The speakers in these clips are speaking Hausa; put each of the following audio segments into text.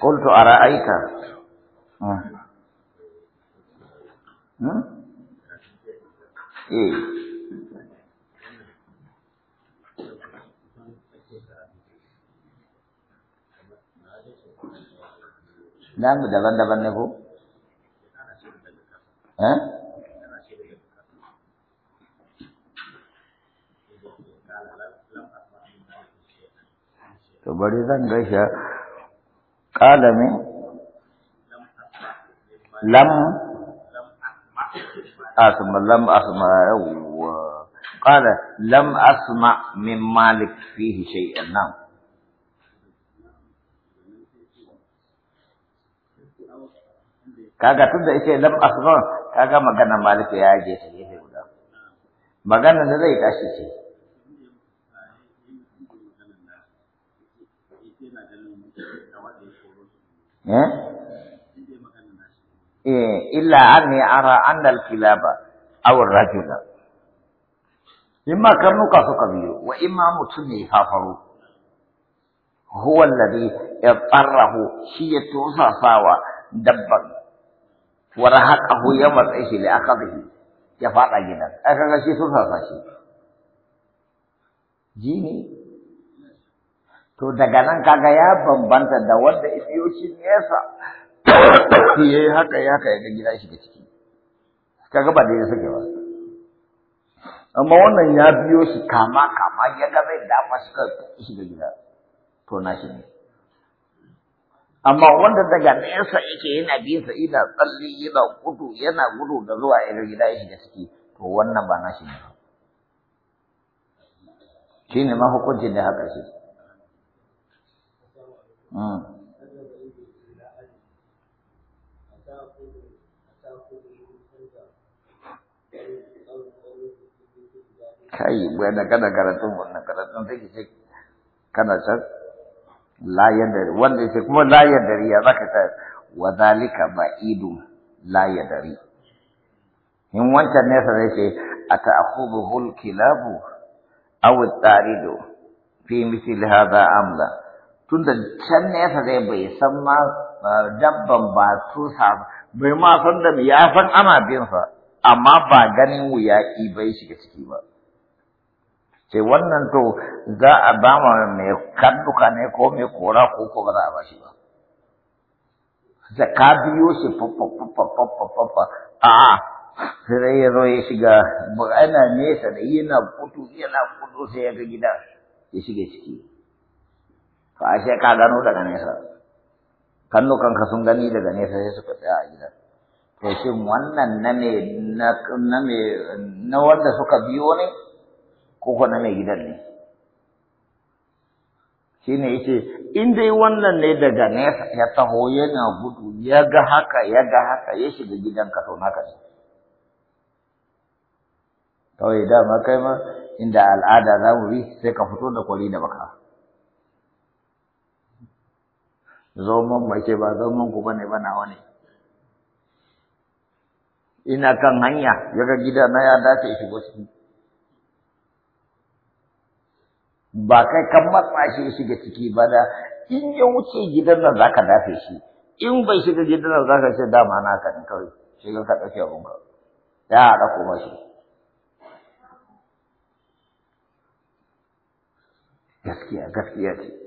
قلت أرأيت إيه Namu daban-daban eh? To bari zan gaisha قال من لم lam لم أسمع قال لم أسمع من مالك فيه شيئا نعم kaga tunda yake lam asra kaga magana malik ya je shi guda magana da zai tashi ce Eh? Eh, illa anni ara annal kilaba aw rajula imma karnuka suka biyo wa imma mutum ne huwa alladhi yatarahu shi ya tosasawa dabban wa rahaqahu ya matsayi li ya fada gidan aka ga shi tosasa shi jini To daga nan kaga ya bambanta da wanda biyo shi nesa ya yi haka ya haka ya ga gida shiga ciki. Kaga ba daidai suke ba. Amma wannan ya biyo shi kama kama ya ga zai shi shiga gida. To na shi ne. Amma wanda daga nesa yake yana bin sa ina tsalli, yana gudu yana gudu da zuwa irin gida ya shiga ciki. To wannan ba na shi ne. Shi ne ma ne da haka shi. Ah. kai wanda kada karatun wannan karatun take ce kana san la yadari wanda ce kuma la yadari ya zaka ta wa zalika ba'idu la yadari in wancan ne sai ce ata'khudhu al-kilabu aw at-taridu fi mithli hadha amla tunda can nesa zai bai san ma dabban ba tusa bai ma san da ya san ana bin sa amma ba ganin wuya bai shiga ciki ba sai wannan to za a ba ma mai kadduka ne ko mai kora ko ko ba za a ba shi ba da ka biyo shi fafafafafafafafa a'a sai ya zo ya shiga ana nesa da yana kudu yana kudu sai ya ga gida ya shiga ciki to ashe ka gano daga nesa kannukanka sun gani daga nesa sai suka tsaya a gidan to shi wannan na me na me na wanda suka biyo ne ko ko na me gidan ne ne yace in dai wannan ne daga nesa ya taho yana gudu ya ga haka ya ga haka ya shiga ka to naka ne kawai dama kai ma inda al'ada za mu bi sai ka fito da kwali da baka zoman mace ba zoman ku bane ba nawa ne ina kan hanya Yaga gida na ya dace shigo ciki ba kai kan matsa shi shiga ciki ba da in ya wuce gidan nan zaka dace shi in bai shiga gidan nan zaka ce dama na ka ne kawai shi ka dauke abun ka ya haɗa kuma shi gaskiya gaskiya ce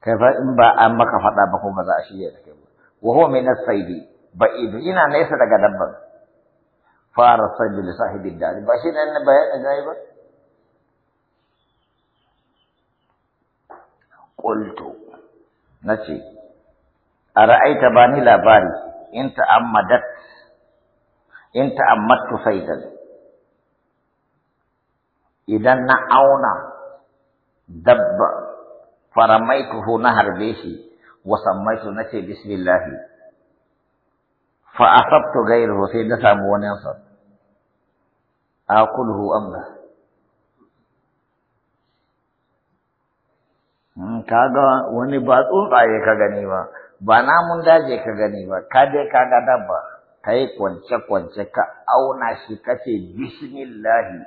kai fa in ba an maka faɗa ba ko ba za a shirya da kai ba wa huwa min as-saidi idu ina nesa daga dabban fara sabi li sahibi dari ba shi ne na bayan da ba qultu nace ara'aita bani labari in ta'ammadat in ta'ammattu saidan idan na auna dabba faramaituhu na harbe shi wa na ce bismillah fa a asabtu ghayruhu sai na samu wani sa aqulhu amla hmm, kaga wani ba tsuntsaye ka gani ba ba namun daje ka gani ba ka je ka ga dabba ka yi kwance-kwance ka auna shi ka ce bismillahi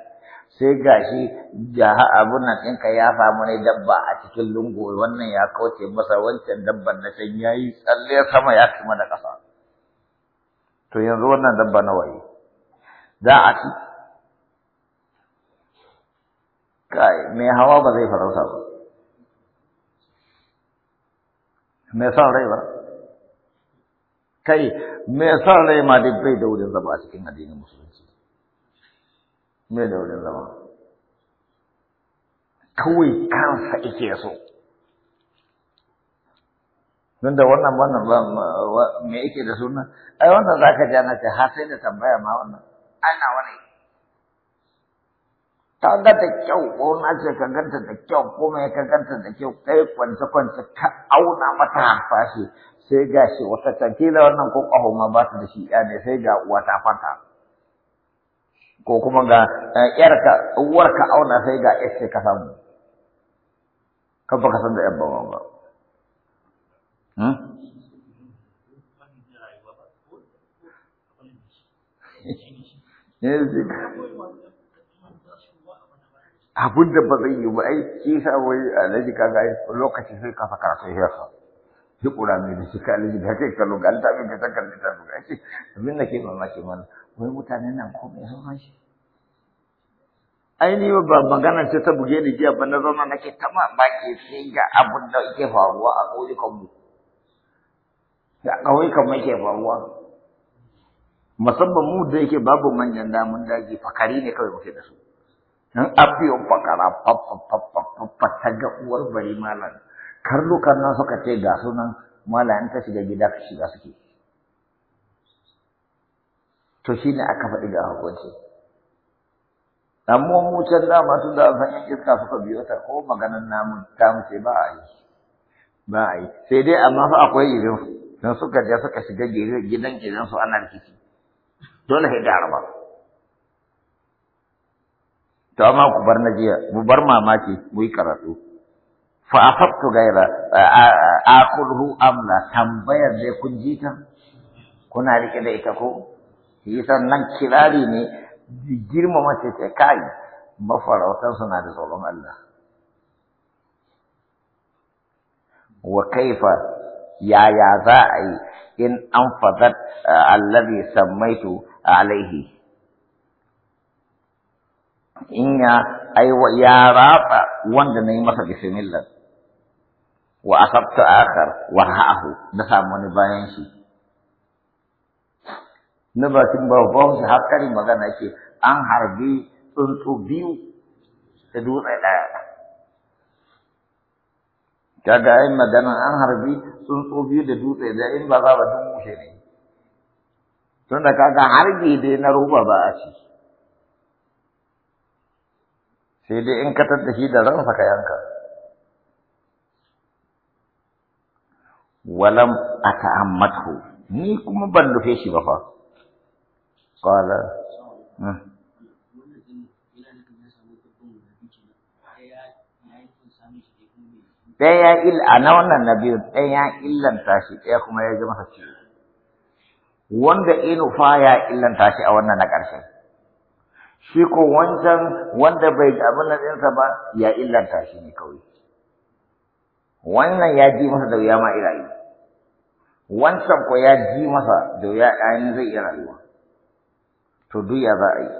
sai gashi jaha abun nan ɗinka ya samu ne dabba a cikin lungu wannan ya kauce masa wancan dabban na can ya yi tsalle sama ya kuma da ƙasa to yanzu wannan dabba na waye, za a ci kai mai hawa ba zai farauta ba mai son rai ba kai mai son rai ma dai bai da wurin zama a cikin addinin musulunci mai da wurin zama kawai kansa ike so don da wannan wannan me yake da suna ai wannan za ka jana ce har sai da tambaya ma wannan ai na wani ta ga da kyau ko na ce ka ganta da kyau ko mai ka ganta da kyau kai kwance kwance ka auna mata harfashi sai ga shi wata tankila wannan ko ƙaho ma ba ta da shi ya ne sai ga uwa ta fata ko kuma ga yarka eh, uwarka auna sai ga yarka ka samu kan baka san da yan bawa ba hmm? eh, abun da ba zai yi ba ai kisa sa wai alhaji kaga lokaci sai ka saka karatu ya Dukura mai da shi kalli da kai ikalo ga littafin ka ta kalli ta buga shi abin da ke mamaki mana wai mutane nan ko mai zama shi ai ni ba magana ce ta buge ni jiya ba na zama nake ta mamaki sai ga abin da yake faruwa a ƙauyukan da ƙauyukan kanmu ke faruwa musamman mu da yake babu manyan damun daji fakari ne kawai muke da su dan abiyon fakara fafafafafa ta ga uwar bari malam karnukan nan suka ce ga sunan malayan ta shiga gida ka shiga suke to shi ne aka faɗi ga hukunci amma mu can masu tun da san iska suka biyo ta ko maganan namu ta mu ce ba a yi ba a yi sai dai amma fa akwai irin don suka je suka shiga gidan gidan su ana rikici dole sai da ba to amma ku bar na jiya mu bar mamaki mu yi karatu فأخذت غير آخره أم لا تنبيا دي كنجيتا كنا لك ديتكو هيتا ننكلاليني جير مما تتكاي مفر وتنسنا لظلم الله وكيف يا يا ذائي إن أنفضت آه، الذي سميت عليه إن يا أيوة يا رابا وند نيمة بسم الله wa asabta akhar wa ha'ahu na samu wani bayan shi na bakin babban shi hakkari magana ce an harbi tsuntsu biyu da dutse ɗaya kaga ai magana an harbi tsuntsu biyu da dutse da in ba za ba tun mushe ne tun da kaga harbi dai na roba ba a ci sai dai in ka tattashi da ransa ka yanka walam ata'ammathu ni kuma ban rufe shi ba fa qala ɗaya ya il a na wannan na biyu ɗaya ya illanta shi ɗaya kuma ya ji masa ciwo wanda inu fa ya illanta shi a wannan na ƙarshe shi ko wancan wanda bai abin nan ɗinsa ba ya illanta shi ne kawai wannan ya ji masa da wuya ma irayi wancan ko ya ji masa da wuya ɗayan zai iya rayuwa to duk ya za a yi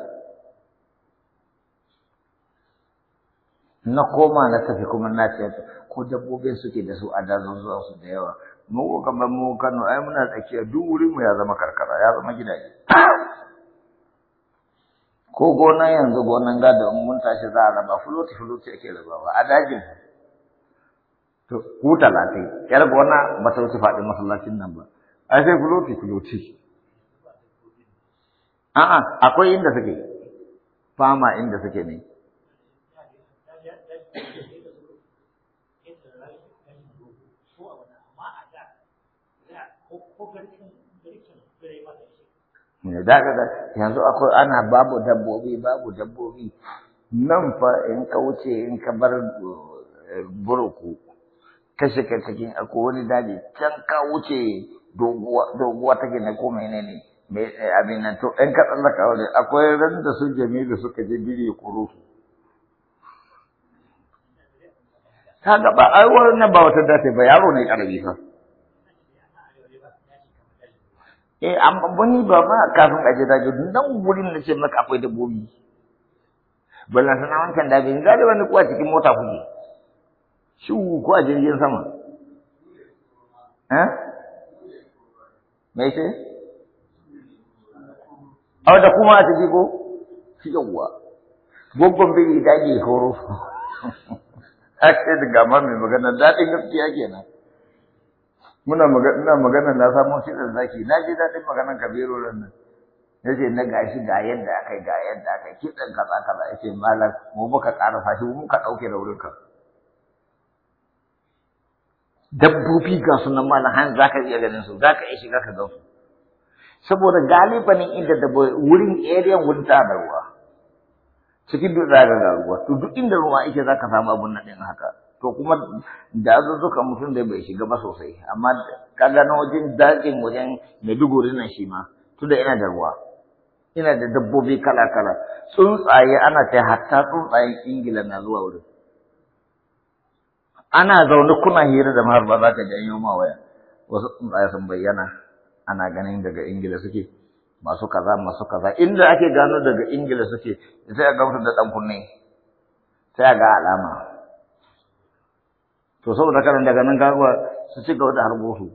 na koma na tafi kuma na ce ko dabbobin suke da su a zuwa su da yawa mu kamar mu Kano ai muna tsakiya duk wurin mu ya zama karkara ya zama gidaje ko gona yanzu gonan gado mun tashi za a raba fuloti fuloti ake rabawa a dajin to ku talatin yar gona ba ta wuce faɗin masallacin nan ba ai sai kuloti kuloti a'a akwai inda suke fama inda suke ne da ga da yanzu akwai ana babu dabbobi babu dabbobi nan fa in ka wuce in ka bar eh, buruku kai cikin akwai wani daji can ka wuce doguwa take na ko ne. Eh, abin nan to ɗan kaɗan da wani akwai ran da su jamilu suka je biri kuru kaga ba ai wannan ba wata dace ba yaro ne karbi fa eh amma wani ba ba kafin a je daji nan wurin na ce maka akwai dabbobi ballan sana wankan daji ga da wani kuwa cikin mota kuke shu ko a jirgin sama eh me ce a da kuma a ciki ko yawwa goggon biri dage horo ake da gama mai magana daɗin gaskiya kenan muna magana ina magana na samu shi da zaki na ji daɗin maganan kabiru nan ce na gashi ga yadda aka yi, ga yadda aka akai kidan kaza kaza ce malar mu muka ƙara fashi mu muka ɗauke da wurinka. ka dabbobi ga sunan malam har za ka iya ganin su za ka iya shiga ka ga su saboda galibanin inda dabbobi wurin area wurin ta da ruwa cikin duk za ga ruwa to duk inda ruwa yake za ka samu abun nan din haka to kuma da azuzuka mutum da bai shiga ba sosai amma ka gano wajen dakin wajen Maiduguri nan shi ma tunda ina da ruwa ina da dabbobi kala kala tsuntsaye ana kai hatta tsuntsayen Ingila na zuwa wurin ana zaune kuna hira da mahar ba za ka ji an yi ma waya wasu tsuntsaye sun bayyana ana ganin daga ingila suke masu kaza masu kaza inda ake gano daga ingila suke sai a gamsu da ɗan kunne sai a ga alama to saboda karan daga nan kaga su ci gaba da harbo su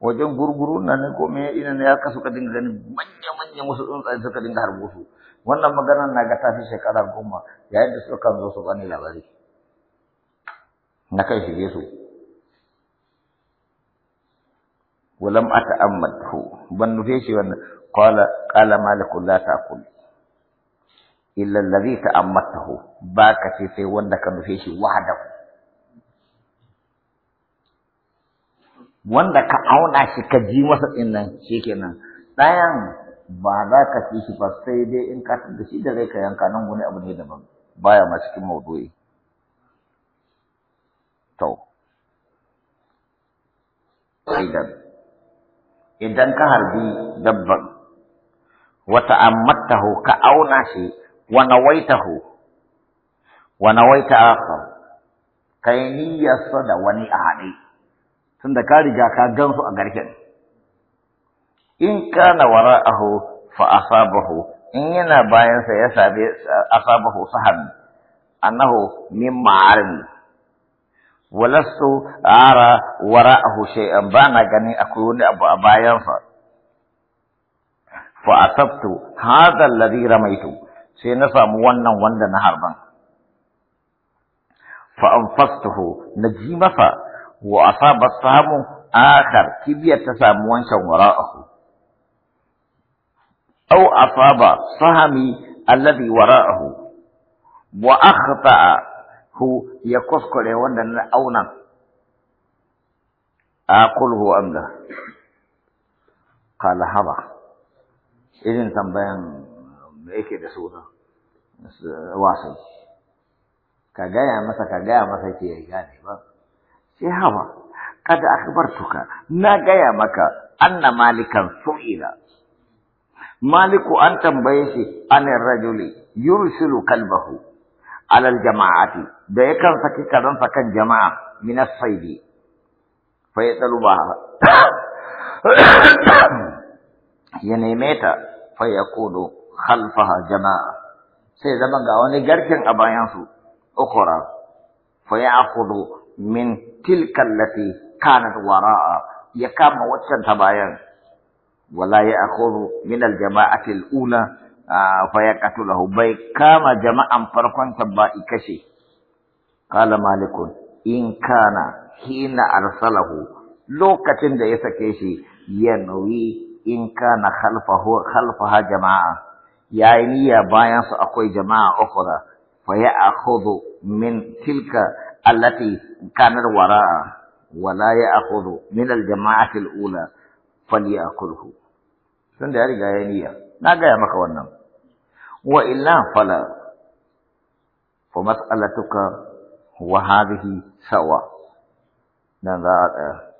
wajen gurguru na ne ko me ina ne ya kasu ka dinga ganin manya manya wasu tsuntsaye suka dinga harbo su wannan magana na ga tafi shekara goma yayin da suka kan zo su bani labari na kai shige su walam ata'ammadhu ban nufe shi wannan qala qala maliku la ta'kul illa alladhi ta'ammadtahu ba ka ce sai wanda ka nufe shi wahdahu wanda ka auna shi ka ji masa dinnan shikenan ɗayan ba za ka ci shi ba sai dai in ka da shi da rai ka yanka nan wani abu ne daban baya ma cikin to idan idan ka harbi dabban wata ammatahu ka auna shi wa nawaitahu wa nawaita akhar kai niyyarsa da wani a haɗe tunda ka riga ka gansu a garken in kana wara'ahu fa asabahu in yana bayansa ya sabe asabahu sahan annahu min ma'arimi ولست أرى وراءه شيئا بانا غني أكون أبو أبايا فأصبت هذا الذي رميت سينسى مونا وندا نهربا فأنفسته نجيمة وأصاب السهم آخر كبية ساموان وراءه أو أصاب سهمي الذي وراءه وأخطأ هو يقصك كله وندن أونا أقوله أم لا قال هبا إذن تنبين ميكي بسوطة واصل كجاية مسا كجاية مسا كي يعني ما شيء هبا قد أخبرتك نا جاية مكا أن مالكا سئل مالك انت تنبيسي أن الرجل يرسل كلبه على الجماعة ده يكن سكي كذن سكن جماعة من الصيد فيطلبها ينيميتا فيقول خلفها جماعة سيزمان قاواني جركن أبايانسو أخرى فيأخذ من تلك التي كانت وراء يكام وجه تبايان ولا يأخذ من الجماعة الأولى Ah, fa bai kama jama'an farkon ba kashe qala malikun in kana hina arsalahu lokacin da ya sake shi ya nawi in kana khalfahu khalfaha jama'a yayi niyya bayan su akwai jama'a ukhra fa ya akhudhu min tilka allati kanar wara'a wala ya akhudhu min al-jama'ati al-ula falyakuluhu tunda ya riga ya niyya na gaya maka wannan وإلا فلا فمسألتك وهذه سواء نذار